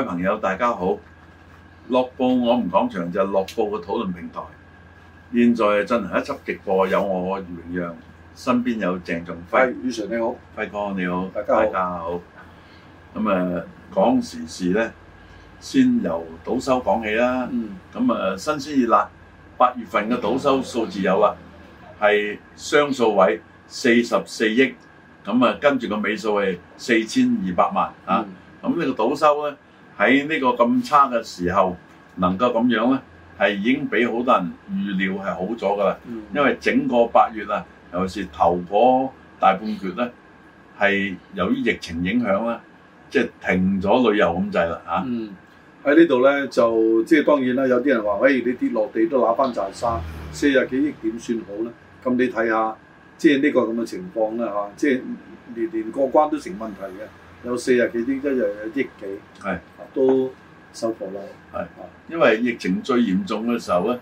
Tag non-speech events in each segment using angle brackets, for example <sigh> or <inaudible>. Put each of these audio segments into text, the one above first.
各位朋友，大家好！樂報我哋講場，就樂報個討論平台。現在進行一輯直播，有我袁讓，身邊有鄭仲輝、宇 Sir，你好，輝哥你好，大家好。咁啊，講時事咧，先由賭收講起啦。咁啊、嗯，新鮮熱辣，八月份嘅賭收數字有啊，係、嗯、雙數位四十四億，咁啊跟住個尾數係四千二百萬啊。咁、嗯嗯、呢個賭收咧？喺呢個咁差嘅時候，能夠咁樣呢，係已經畀好多人預料係好咗噶啦。嗯、因為整個八月啊，尤其是頭嗰大半段呢，係由於疫情影響啦，即係停咗旅遊咁滯啦嚇。喺呢度呢，就即係當然啦，有啲人話：，喂、哎，你跌落地都攞翻賺沙四十幾億點算好呢？」咁你睇下，即係呢個咁嘅情況啦嚇，即係年年過關都成問題嘅，有四十幾億，一樣有一億幾。都收復啦，係是，嗯、因為疫情最嚴重嘅時候咧，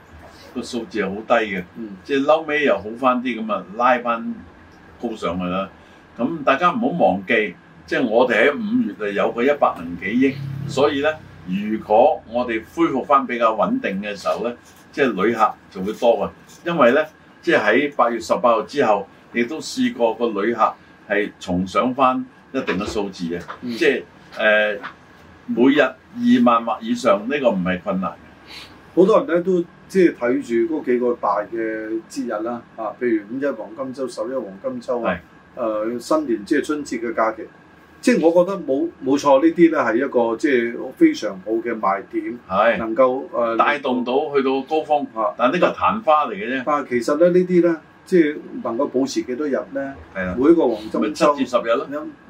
個數字係好低嘅，嗯，即係嬲尾又好翻啲咁啊，拉翻高上去啦。咁大家唔好忘記，即、就、係、是、我哋喺五月就有個一百零幾億，所以咧，如果我哋恢復翻比較穩定嘅時候咧，即係旅客就會多嘅，因為咧，即係喺八月十八號之後，亦都試過個旅客係重上翻一定嘅數字嘅，嗯、即係誒。呃每日二萬或以上，呢、這個唔係困難嘅。好多人咧都即係睇住嗰幾個大嘅節日啦，啊，譬如五一黃金周、十一黃金週，誒是、呃、新年即係春節嘅假期，即、就、係、是、我覺得冇冇錯呢啲咧係一個即係非常好嘅賣點，是能夠誒帶動到去到高峰。啊、但係呢個係曇花嚟嘅啫。但係、啊、其實咧呢啲咧，即係、就是、能夠保持幾多日咧？的每一個黃金周七至十日咯，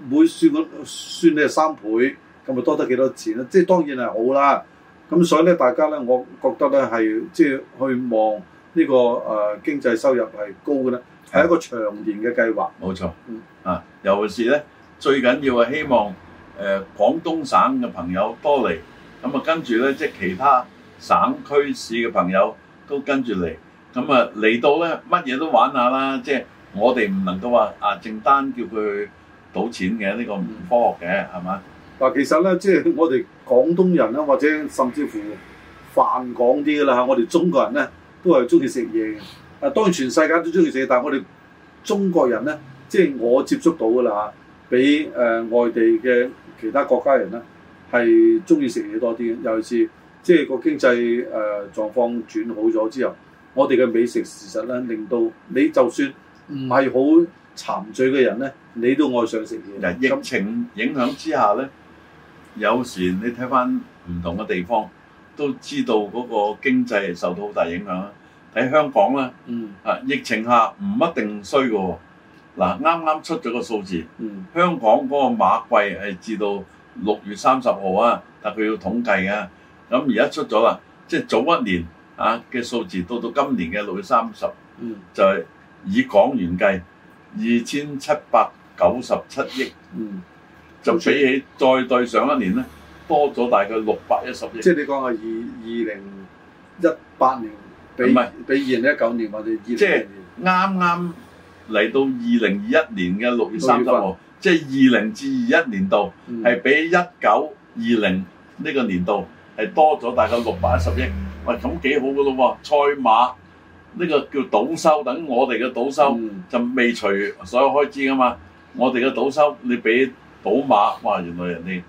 每算算你係三倍。咁咪多得幾多錢咧？即係當然係好啦。咁所以咧，大家咧，我覺得咧係即係去望呢、呢個誒、呃、經濟收入係高嘅咧，係、嗯、一個長遠嘅計劃。冇錯，嗯、啊，尤其是咧最緊要係希望誒、呃、廣東省嘅朋友多嚟，咁啊跟住咧即係其他省區市嘅朋友都跟住嚟，咁啊嚟到咧乜嘢都玩下啦。即係我哋唔能夠話啊淨單、啊、叫佢賭錢嘅呢、呢個唔科學嘅係嘛？嗱，其實咧，即係我哋廣東人啦，或者甚至乎泛廣啲嘅啦嚇，我哋中國人咧都係中意食嘢嘅。啊，當然全世界都中意食嘢，但係我哋中國人咧，即係我接觸到嘅啦嚇，比誒、呃、外地嘅其他國家人咧係中意食嘢多啲嘅。尤其是即係個經濟誒狀況轉好咗之後，我哋嘅美食事實咧令到你就算唔係好饞嘴嘅人咧，你都愛上食嘢。呃、疫情影響之下咧。有時你睇翻唔同嘅地方，都知道嗰個經濟受到好大影響啦。喺香港咧，嗯、啊疫情下唔一定衰㗎。嗱、啊，啱啱出咗個數字，嗯、香港嗰個馬季係至到六月三十號啊，但佢要統計啊。咁而家出咗啦，即係早一年啊嘅數字，到、啊、到今年嘅六月三十、嗯，就係以港元計二千七百九十七億。就比起再對上一年咧，多咗大概六百一十億。即係你講係二二零一八年比唔係比二零一九年，我哋即係啱啱嚟到二零二一年嘅六月三十號，即係二零至二一年度係、嗯、比一九二零呢個年度係多咗大概六百一十億。喂、嗯，咁幾好嘅咯喎！賽馬呢、呢個叫賭收，等我哋嘅賭收、嗯、就未除所有開支嘅嘛。我哋嘅賭收你俾。賭馬哇！原來人哋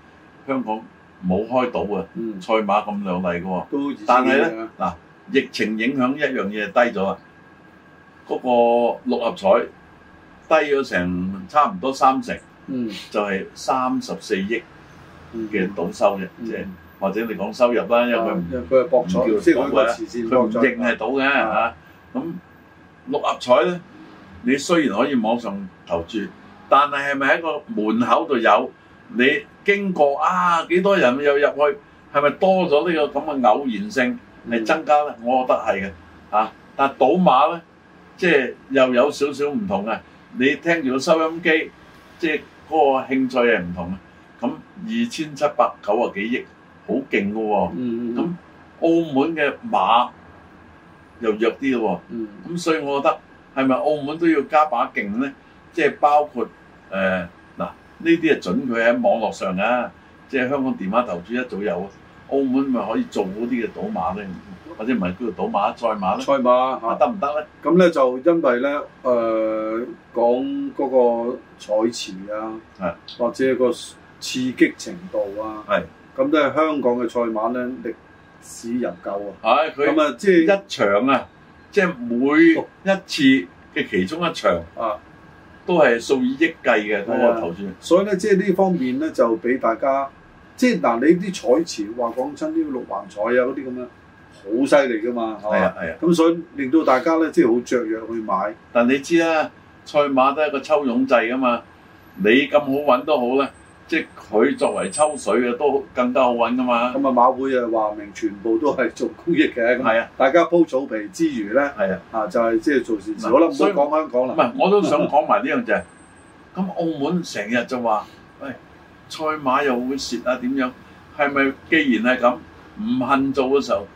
香港冇開賭啊，賽馬咁亮麗嘅喎。但係咧嗱，疫情影響一樣嘢低咗啊！嗰個六合彩低咗成差唔多三成，就係三十四億嘅賭收入。即係或者你講收入啦，因為佢唔，佢係博彩，先去個慈善，佢唔認係賭嘅嚇。咁六合彩咧，你雖然可以網上投注。但係係咪喺個門口度有你經過啊？幾多人又入去？係咪多咗呢個咁嘅偶然性嚟增加咧？我覺得係嘅嚇。但係賭馬咧，即係又有少少唔同嘅。你聽住個收音機，即係嗰個興趣係唔同嘅。咁二千七百九啊幾億，好勁㗎喎。嗯嗯。咁澳門嘅馬又弱啲嘅喎。嗯。咁所以我覺得係咪澳門都要加把勁咧？即係包括。誒嗱，呢啲啊準佢喺網絡上啊，即係香港電話投注一早有，澳門咪可以做嗰啲嘅賭馬咧，或者咪叫做賭馬賽馬咧？賽馬嚇得唔得咧？咁咧、啊、就因為咧誒、呃、講嗰個彩池啊，是或者個刺激程度啊，咁都係香港嘅賽馬咧歷史悠久啊，咁啊即係一場啊，就是、即係每一次嘅其中一場啊。都係數以億計嘅嗰個投資，所以咧即係呢方面咧就俾大家，即係嗱你啲彩池話講親啲六環彩啊嗰啲咁樣，好犀利噶嘛，係嘛？係啊，咁所以令到大家咧即係好雀躍去買，但你知啦，賽馬都係個抽佣制噶嘛，你咁好揾都好啦。即係佢作為抽水嘅都更加好揾噶嘛，咁啊馬會啊話明全部都係做公益嘅，咁、啊、大家鋪草皮之餘咧，啊，啊就係即係做善事。是我諗唔好講香港，啦，唔係我都想講埋呢樣嘢。咁 <laughs> 澳門成日就話，喂、哎、賽馬又會蝕啊點樣？係咪既然係咁唔肯做嘅時候，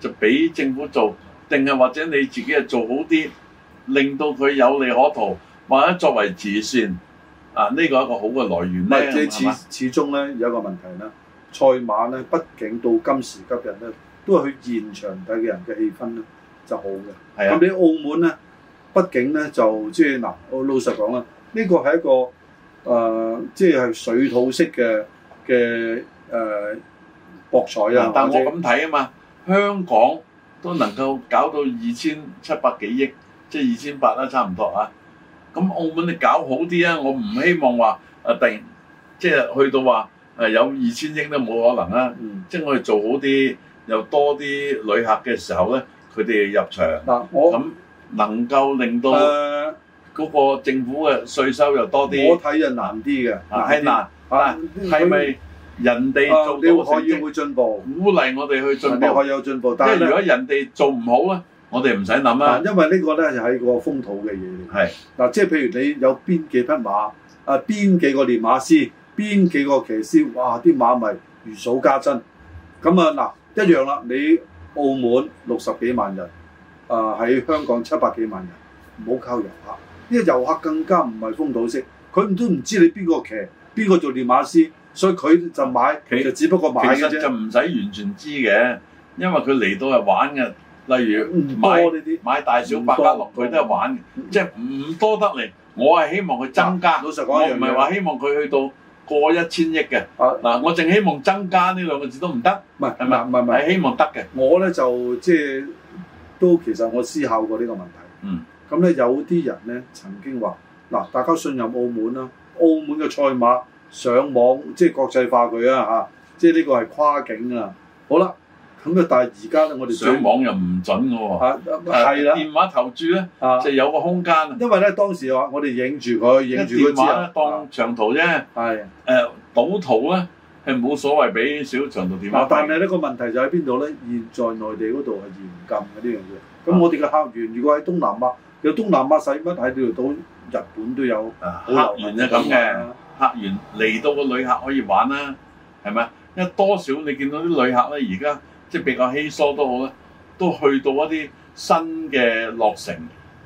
就俾政府做，定係或者你自己啊做好啲，令到佢有利可圖，或者作為慈善？啊！呢、這個係一個好嘅來源咧、嗯吧，始始終咧有一個問題啦。賽馬咧，畢竟到今時今日咧，都係去現場睇嘅人嘅氣氛咧就好嘅。係啊。咁你澳門咧，畢竟咧就即係嗱，我老實講啦，呢、這個係一個誒、呃，即係係水土式嘅嘅誒博彩啊。但我咁睇啊嘛，香港都能夠搞到二千七百幾億，即係二千八啦，差唔多啊。咁澳門你搞好啲啊！我唔希望話啊突然即係去到話誒有二千億都冇可能啦。即係我哋做好啲又多啲旅客嘅時候咧，佢哋入場嗱咁能夠令到誒嗰個政府嘅稅收又多啲。我睇就難啲嘅，嗱係難啊，係咪、啊、他人哋做啲可以會進步，鼓勵我哋去進步，可以有進步？但係如果人哋做唔好啊？我哋唔使諗啦，因為呢個咧就係個風土嘅嘢嚟。嗱是，即係譬如你有邊幾匹馬啊？邊幾個練馬師？邊幾個騎師？哇！啲馬咪如數家珍。咁啊嗱，一樣啦。你澳門六十幾萬人啊，喺香港七百幾萬人，唔好靠遊客。呢個遊客更加唔係風土色，佢都唔知你邊個騎，邊個做練馬師，所以佢就買，其實只不過買嘅啫。就唔使完全知嘅，因為佢嚟到係玩嘅。例如呢啲，買，多買大小百家樂佢都係玩嘅，多 即係唔多得嚟。我係希望佢增加，老實講，我唔係話希望佢去到過一千億嘅。啊嗱，我淨希望增加呢兩個字都唔得，唔係係咪？唔係唔係希望得嘅。我咧就即係都其實都我思考過呢個問題。嗯。咁咧有啲人咧曾經話：嗱，大家信任澳門啦，澳門嘅賽馬上網即係國際化佢啊嚇，即係呢個係跨境啊。好啦。咁但係而家咧，我哋上網又唔準嘅喎，係啦，電話投注咧，就有個空間。因為咧當時話我哋影住佢，影住電話當長途啫。係誒賭徒咧係冇所謂俾少長途電話。但係呢個問題就喺邊度咧？現在內地嗰度係嚴禁嘅呢樣嘢。咁我哋嘅客源如果喺東南亞，有東南亞使乜喺度賭？日本都有客源啊。咁嘅客源嚟到個旅客可以玩啦，係咪啊？因為多少你見到啲旅客咧而家。即係比較稀疏都好啦，都去到一啲新嘅落成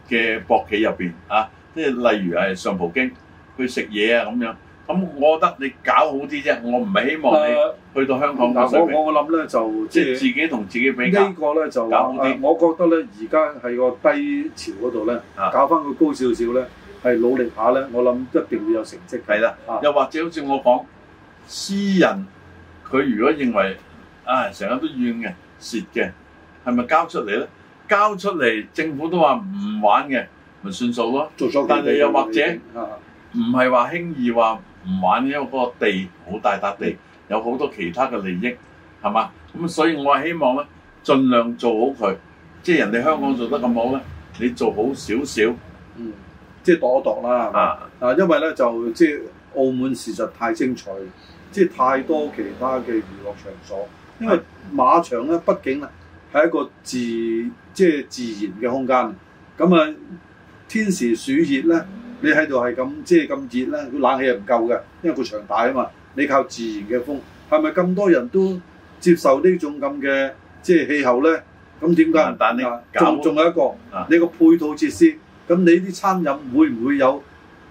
嘅博企入邊啊，即係例如係上葡京去食嘢啊咁樣。咁、嗯、我覺得你搞好啲啫，我唔係希望你去到香港搞水平。啊啊、我我我諗咧就即係自己同自己比較。個呢個咧就、啊、我覺得咧，而家係個低潮嗰度咧，搞翻個高少少咧，係、啊、努力下咧，我諗一定會有成績。係啦、啊，又或者好似我講，私人佢如果認為。啊！成日、哎、都怨嘅、蝕嘅，係咪交出嚟咧？交出嚟，政府都話唔玩嘅，咪算數咯。但係又或者唔係話輕易話唔玩，因為個地，好者、嗯、大笪地，有好多其他嘅利益，係嘛？咁所以我希望咧，盡量做好佢，即係人哋香港做得咁好咧，嗯、你做好少少，嗯，即係度一度啦，啊啊吧，因為咧就即係澳門事實太精彩，即係太多其他嘅娛樂場所。因為馬場咧，畢竟啦，係一個自即係自然嘅空間。咁啊，天時暑熱咧，你喺度係咁即係咁熱咧，佢冷氣又唔夠嘅，因為個場大啊嘛。你靠自然嘅風，係咪咁多人都接受呢種咁嘅即係氣候咧？咁點解？但你仲仲有一個，你個配套設施，咁你啲餐飲會唔會有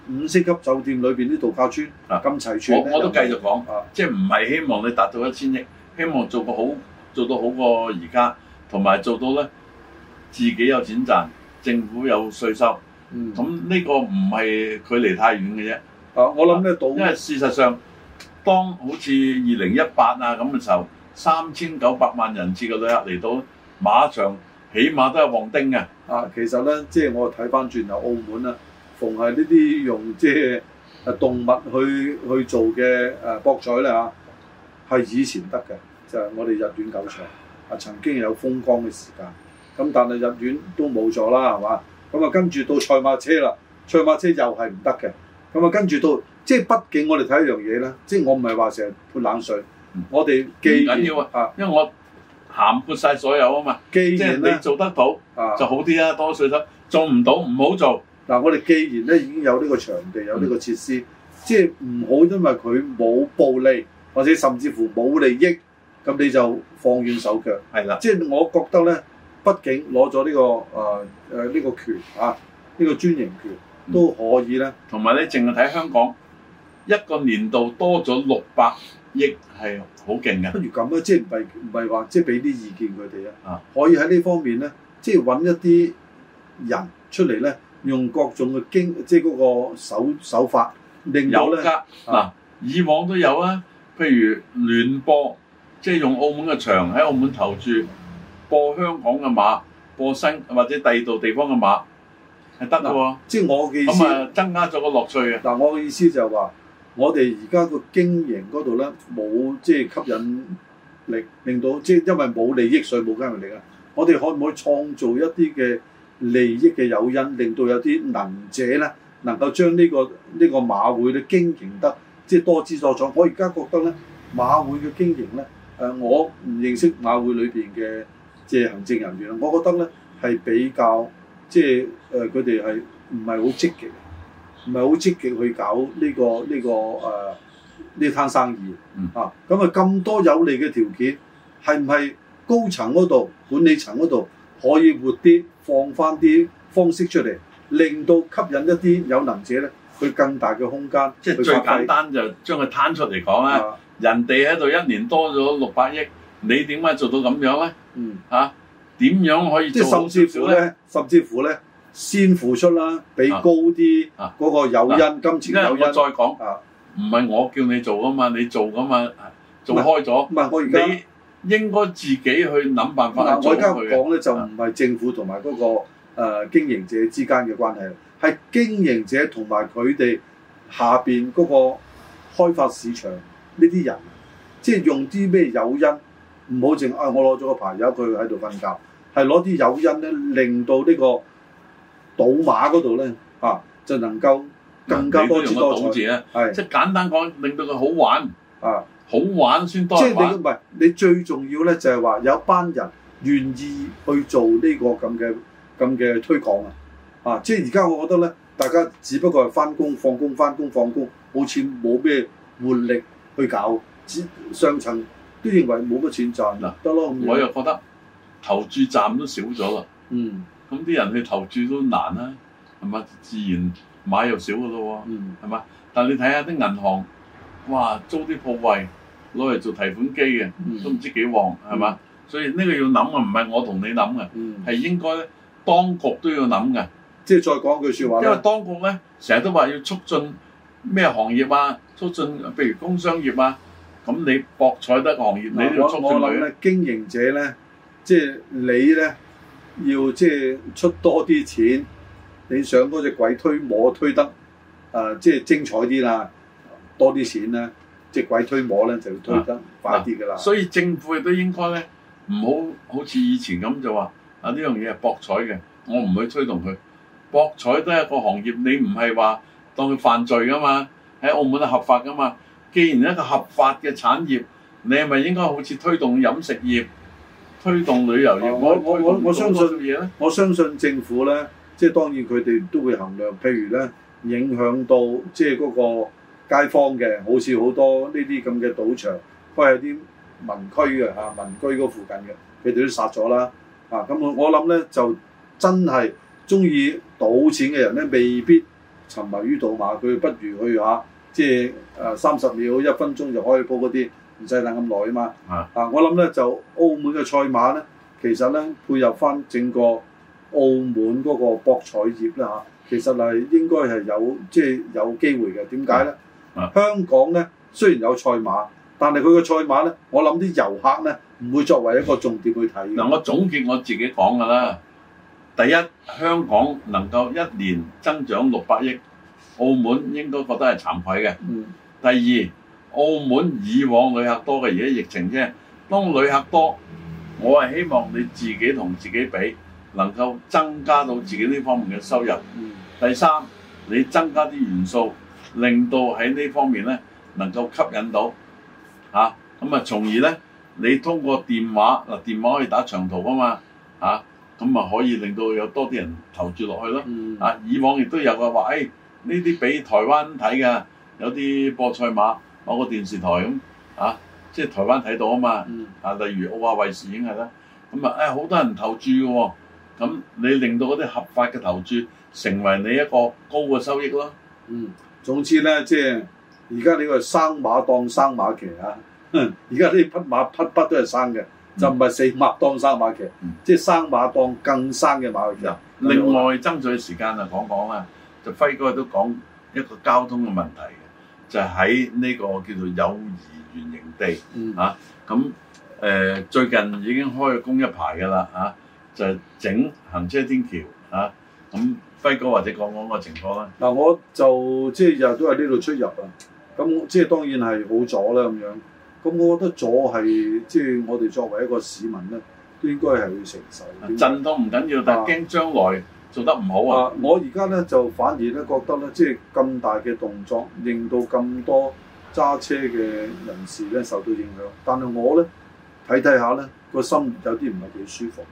五星級酒店裏邊啲度假村嗱，咁齊全？我我都繼續講啊，即係唔係希望你達到一千億？希望做個好做到好過而家，同埋做到咧自己有錢賺，政府有稅收。咁呢、嗯、個唔係距離太遠嘅啫。啊，我諗得到。因為事實上，當好似二零一八啊咁嘅時候，三千九百萬人次嘅旅客嚟到馬場，馬上起碼都係黃丁嘅。啊，其實咧，即係我睇翻轉頭澳門啦，逢係呢啲用即係動物去去做嘅誒博彩咧嚇，係以前得嘅。就係我哋入院狗場，啊曾經有風光嘅時間，咁但係入院都冇咗啦，係嘛？咁啊跟住到賽馬車啦，賽馬車又係唔得嘅，咁啊跟住到即係畢竟我哋睇一樣嘢咧，即係我唔係話成日潑冷水，嗯、我哋既唔緊要啊，因為我鹹潑晒所有啊嘛，既然你做得到啊就好啲啦、啊，啊、多水得做唔到唔好做。嗱、啊、我哋既然咧已經有呢個場地有呢個設施，嗯嗯、即係唔好因為佢冇暴利或者甚至乎冇利益。咁你就放軟手腳，係啦的。即係我覺得咧，畢竟攞咗呢個誒誒呢個權嚇，呢、啊呢個專營權都可以咧。同埋、嗯、你淨係睇香港、嗯、一個年度多咗六百億係好勁嘅。不如咁啦，即係唔係唔係話即係俾啲意見佢哋啊？啊，可以喺呢方面咧，即係揾一啲人出嚟咧，用各種嘅經即係嗰個手手法，另有咧嗱，啊、以往都有啊、嗯，譬如聯播。即係用澳門嘅場喺澳門投注，播香港嘅馬，播新或者第二度地方嘅馬係得㗎喎。即係我嘅意思啊，增加咗個樂趣。但嗱，我嘅意思就係話，我哋而家個經營嗰度咧冇即係吸引力，令到即係因為冇利益，所以冇吸引力啊。我哋可唔可以創造一啲嘅利益嘅誘因，令到有啲能者咧能夠將呢個呢個馬會咧經營得即係多姿多彩？我而家覺得咧，馬會嘅經營咧～誒，我唔認識馬會裏邊嘅即係行政人員，我覺得咧係比較即係誒，佢哋係唔係好積極，唔係好積極去搞呢個呢個誒呢攤生意啊？咁啊咁多有利嘅條件，係唔係高層嗰度、管理層嗰度可以活啲放翻啲方式出嚟，令到吸引一啲有能者咧，去更大嘅空間？即係最簡單就將佢攤出嚟講啦。啊人哋喺度一年多咗六百億，你點解做到咁樣咧？嗯，嚇點、啊、樣可以？即係甚至乎咧，甚至乎咧，先付出啦，俾高啲嗰個誘因、啊啊、金錢誘因。再講啊，唔係我叫你做噶嘛，你做噶嘛，做開咗。唔係我而家應該自己去諗辦法。我而家講咧就唔係政府同埋嗰個誒、呃、經營者之間嘅關係，係經營者同埋佢哋下邊嗰個開發市場。呢啲人即係用啲咩誘因，唔好淨啊！我攞咗個牌，由佢喺度瞓覺，係攞啲誘因咧，令到呢個賭馬嗰度咧啊，就能夠更加多姿多彩。係即係簡單講，令到佢好玩啊，好玩先多玩。即係你唔係你最重要咧，就係、是、話有班人願意去做呢、這個咁嘅咁嘅推廣啊！啊，即係而家我覺得咧，大家只不過係翻工放工翻工放工，冇錢冇咩活力。去搞上層都認為冇乜錢賺嗱，得咯行。行我又覺得投注站都少咗啦。嗯，咁啲人去投注都難啦，係嘛？自然買又少噶咯喎，係嘛、嗯？但你睇下啲銀行，哇，租啲鋪位攞嚟做提款機嘅，嗯、都唔知幾旺係嘛？嗯、所以呢個要諗嘅，唔係我同你諗嘅，係、嗯、應該當局都要諗嘅。即係再講句説話，因為當局咧成日都話要促進。咩行業啊？促進，譬如工商業啊，咁你博彩得行業，你都促進佢。我我諗咧，經營者咧，即係你咧，要即係出多啲錢，你想嗰隻鬼推磨推得，啊、呃，即係精彩啲啦，多啲錢咧，即係鬼推磨咧，就要推得快啲噶啦。所以政府亦都應該咧，唔好好似以前咁就話啊，呢樣嘢係博彩嘅，我唔去推動佢。博彩都係一個行業，你唔係話。當佢犯罪噶嘛，喺澳門係合法噶嘛。既然一個合法嘅產業，你係咪應該好似推動飲食業、推動旅遊業？哦、我動動我我我相信，我相信政府咧，即係當然佢哋都會衡量。譬如咧，影響到即係嗰個街坊嘅，好似好多呢啲咁嘅賭場，都係啲民居嘅嚇，民居嗰附近嘅，佢哋都殺咗啦。啊，咁我我諗咧就真係中意賭錢嘅人咧，未必。沉迷於盜馬，佢不如去下，即係誒三十秒、一分鐘就開波嗰啲，唔使等咁耐啊嘛。啊，啊！我諗咧就澳門嘅賽馬咧，其實咧配合翻整個澳門嗰個博彩業咧嚇、啊，其實係應該係有即係、就是、有機會嘅。點解咧？啊、香港咧雖然有賽馬，但係佢個賽馬咧，我諗啲遊客咧唔會作為一個重點去睇。嗱、啊，我總結我自己講㗎啦。第一，香港能夠一年增長六百億，澳門應該覺得係慚愧嘅。嗯、第二，澳門以往旅客多嘅，而家疫情啫。當旅客多，我係希望你自己同自己比，能夠增加到自己呢方面嘅收入。嗯、第三，你增加啲元素，令到喺呢方面呢能夠吸引到，嚇咁啊，從而呢，你通過電話嗱，電話可以打長途噶嘛，嚇、啊。咁咪可以令到有多啲人投注落去咯。嗯、啊，以往亦都有個話，誒呢啲俾台灣睇嘅，有啲博彩馬，某個電視台咁，啊，即係台灣睇到啊嘛。嗯、啊，例如澳亞衞視已經係啦。咁、嗯、啊，誒、哎、好多人投注嘅喎。咁你令到嗰啲合法嘅投注成為你一個高嘅收益咯。嗯，總之咧，即係而家你話生馬當生馬騎啊。而家啲匹馬匹匹都係生嘅。就唔係四馬當三馬騎，嗯、即係三馬當更生嘅馬去騎。嗯、是另外爭取時間啊，講講啦。就輝哥都講一個交通嘅問題，就喺呢個叫做友誼圓形地嚇咁，誒，最近已經開工一排㗎啦嚇，就整行車天橋嚇咁、啊、輝哥或者講講個情況啦。嗱、嗯，我就即係日都喺呢度出入啊，咁即係當然係好阻啦咁樣。咁我覺得左係即係我哋作為一個市民咧，都應該係要承受。震都唔緊要，但係驚將來做得唔好啊！啊我而家咧就反而咧覺得咧，即係咁大嘅動作，令到咁多揸車嘅人士咧受到影響。但係我咧睇睇下咧，個心有啲唔係幾舒服。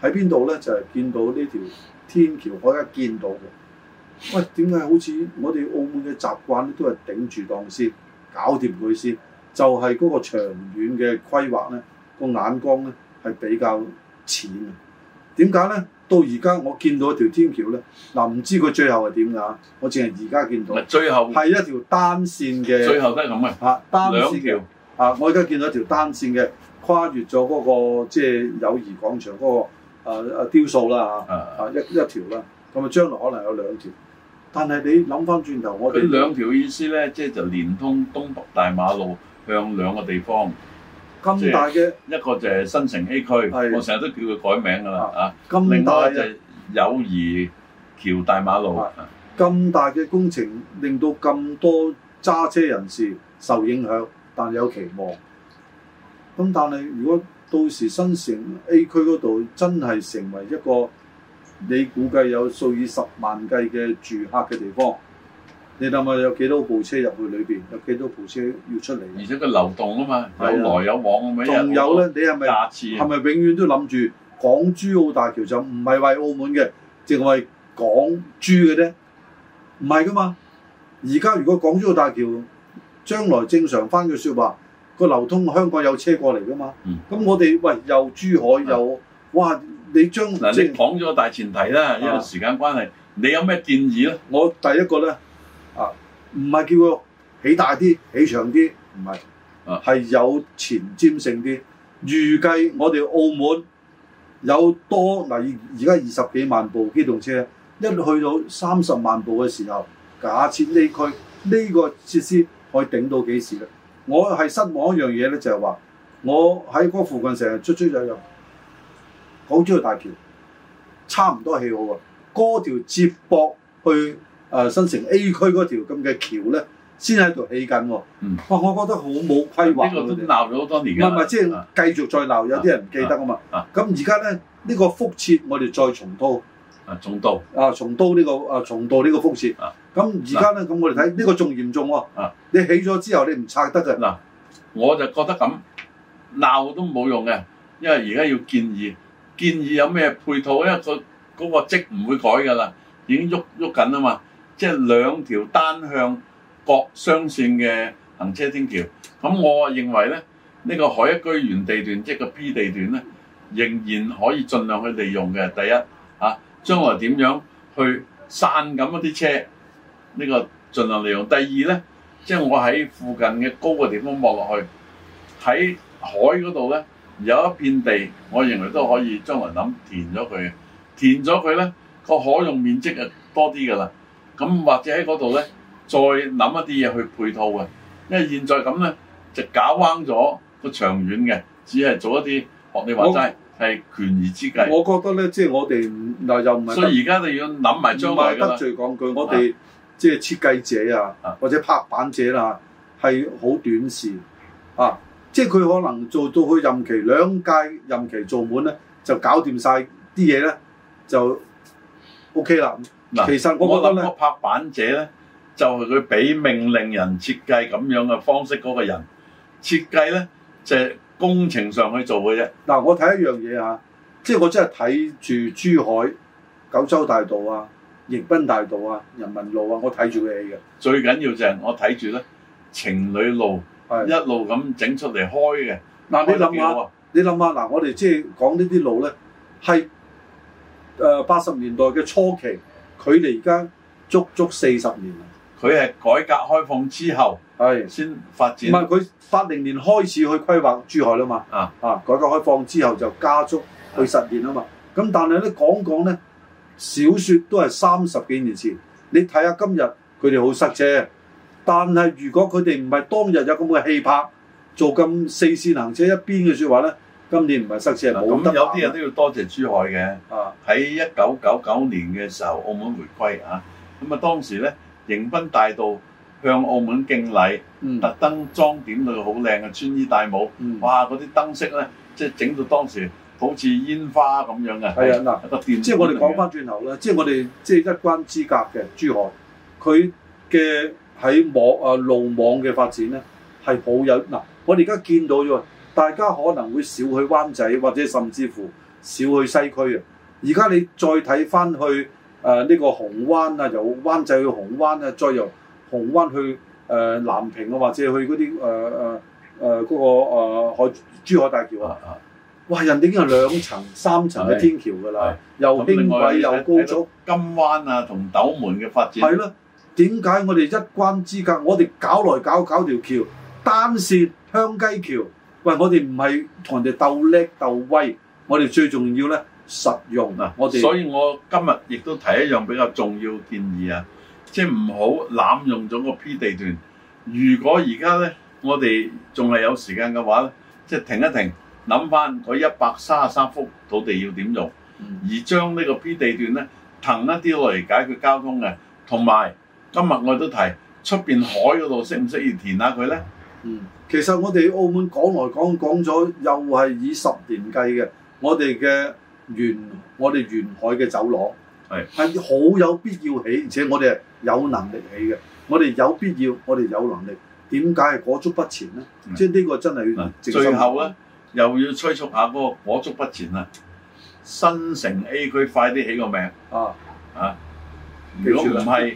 喺邊度咧就係、是、見到呢條天橋，可以一見到嘅。喂，點解好似我哋澳門嘅習慣都係頂住檔先，搞掂佢先。就係嗰個長遠嘅規劃咧，個眼光咧係比較淺嘅。點解咧？到而家我見到條天橋咧，嗱、啊、唔知佢最後係點㗎？我淨係而家見到，最後係一條單線嘅。最後都係咁嘅嚇，單線橋嚇條、啊。我而家見到一條單線嘅跨越咗嗰、那個即係、就是、友誼廣場嗰、那個誒、啊啊、雕塑啦嚇，嚇、啊啊、一一條啦。咁啊，將來可能有兩條，但係你諗翻轉頭，我哋它 兩條意思咧，即、就、係、是、就連通東北大馬路。向兩個地方，咁大嘅一個就係新城 A 區，的我成日都叫佢改名噶啦的啊。大另外就友誼橋大馬路，咁的大嘅工程令到咁多揸車人士受影響，但有期望。咁但係如果到時新城 A 區嗰度真係成為一個，你估計有數以十萬計嘅住客嘅地方。你諗下有幾多部車入去裏邊，有幾多部車要出嚟？而且個流動啊嘛，有來有往啊嘛，仲有咧？你係咪？係咪永遠都諗住港珠澳大橋就唔係為澳門嘅，淨係港珠嘅啫？唔係噶嘛？而家如果港珠澳大橋將來正常翻嘅説話，個流通香港有車過嚟噶嘛？咁、嗯、我哋喂又珠海又哇，你將嗱、嗯、你講咗個大前提啦，因為、啊、時間關係，你有咩建議咧？我第一個咧。啊，唔係叫佢起大啲、起長啲，唔係，係、啊、有前瞻性啲。預計我哋澳門有多嗱，而而家二十幾萬部機動車，一去到三十萬部嘅時候，假設呢區呢個設施可以頂到幾時咧？我係失望一樣嘢咧，就係、是、話我喺嗰附近成日出出入入，港珠澳大橋差唔多起好啊，嗰條接駁去。誒新城 A 區嗰條咁嘅橋咧，先喺度起緊、啊、喎。哇、嗯啊，我覺得好冇規劃、啊。呢個都鬧咗好多年唔係即係繼續再鬧，啊、有啲人唔記得啊嘛。咁而家咧，啊、呢、呢個覆轍我哋再重蹈、啊呢個。啊，重蹈。啊，重蹈呢個啊，重蹈呢、呢個覆轍。咁而家咧，咁我哋睇呢個仲嚴重喎。啊，啊你起咗之後你，你唔拆得嘅。嗱，我就覺得咁鬧都冇用嘅，因為而家要建議，建議有咩配套？因為個嗰個職唔會改㗎啦，已經喐喐緊啊嘛。即係兩條單向各雙線嘅行車天橋，咁我認為呢，呢、呢個海一居園地段即個 B 地段呢，仍然可以盡量去利用嘅。第一啊，將來點樣去散咁一啲車呢、呢個盡量利用。第二呢，即係我喺附近嘅高嘅地方望落去喺海嗰度呢有一片地，我認為都可以將來諗填咗佢，填咗佢呢、呢個可用面積啊多啲㗎啦。咁或者喺嗰度咧，再諗一啲嘢去配套嘅，因為現在咁咧就搞彎咗個長遠嘅，只係做一啲學你話齋係權宜之計。我覺得咧，即係我哋嗱又唔係所以而家你要諗埋得罪講句，啊、我哋即係設計者啊，啊或者拍板者啦、啊，係好短視啊，啊！即係佢可能做到佢任期兩屆任期做滿咧，就搞掂晒啲嘢咧，就 OK 啦。嗱，其實我覺得呢個拍板者咧，就係佢俾命令人設計咁樣嘅方式嗰個人設計咧，就係、是、工程上去做嘅啫。嗱，我睇一樣嘢嚇，即係我真係睇住珠海九州大道啊、迎賓大道啊、人民路啊，我睇住佢嘅。最緊要就係我睇住咧，情侶路一路咁整出嚟開嘅。嗱，你諗下，你諗下嗱，我哋即係講呢啲路咧，係誒八十年代嘅初期。佢離而家足足四十年，佢係改革開放之後先發展。唔係佢八零年開始去規劃珠海啦嘛，啊，啊，改革開放之後就加速去實現啊嘛。咁是但係咧講講咧，少說都係三十幾年前。你睇下今日佢哋好塞車，但係如果佢哋唔係當日有咁嘅氣魄，做咁四線行車一邊嘅說話咧。今年唔係塞車啊！咁有啲人都要多謝珠海嘅。喺一九九九年嘅時候，澳門回歸啊，咁啊當時咧迎賓大道向澳門敬禮，特登裝點佢好靚嘅，穿衣戴帽，嗯、哇！嗰啲燈飾咧，即係整到當時好似煙花咁樣嘅。係、嗯、啊，嗱、啊，個即係我哋講翻轉頭啦，即係我哋即係一關之隔嘅珠海，佢嘅喺網啊路網嘅發展咧係好有嗱、啊，我哋而家見到咗。大家可能會少去灣仔，或者甚至乎少去西區啊！而家你再睇翻去誒呢、呃這個紅灣啊，由灣仔去紅灣啊，再由紅灣去誒、呃、南屏，啊，或者去嗰啲誒誒誒嗰個海、呃、珠海大橋啊！哇！人哋已經兩層、三層嘅天橋㗎啦，是又輕軌外又高速金灣啊同斗門嘅發展係咯？點解我哋一關之隔，我哋搞來搞來搞條橋，單線香雞橋，橋？喂，我哋唔係同人哋鬥叻鬥威，我哋最重要咧實用啊！我哋，所以我今日亦都提一樣比較重要建議啊，即係唔好濫用咗個 P 地段。如果而家咧，我哋仲係有時間嘅話咧，即係停一停，諗翻佢一百三十三幅土地要點用，而將呢個 P 地段咧騰一啲落嚟解決交通嘅，同埋今日我哋都提出邊海嗰度適唔適宜填下佢咧？嗯，其實我哋澳門講來講講咗，又係以十年計嘅，我哋嘅沿我哋沿海嘅走廊，係係好有必要起，而且我哋係有能力起嘅，我哋有必要，我哋有能力，點解係裹足不前呢？即係呢個真係要。嗱，最後咧又要催促下嗰個裹足不前啦，新城 A 區快啲起個名啊！啊，如果唔係，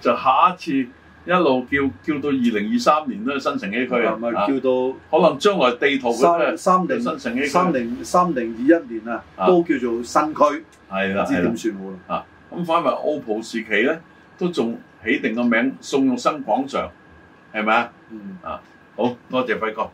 就下一次。 <laughs> <laughs> 一路叫叫到二零二三年都係，新城 A 區啊，叫到可能將來地圖嗰啲三三零新城 A 區三零三零二一年啊，都叫做新區，唔知點算好啦。咁反為澳葡時期咧，都仲起定個名宋玉生廣場，係咪啊？啊，好多謝輝哥。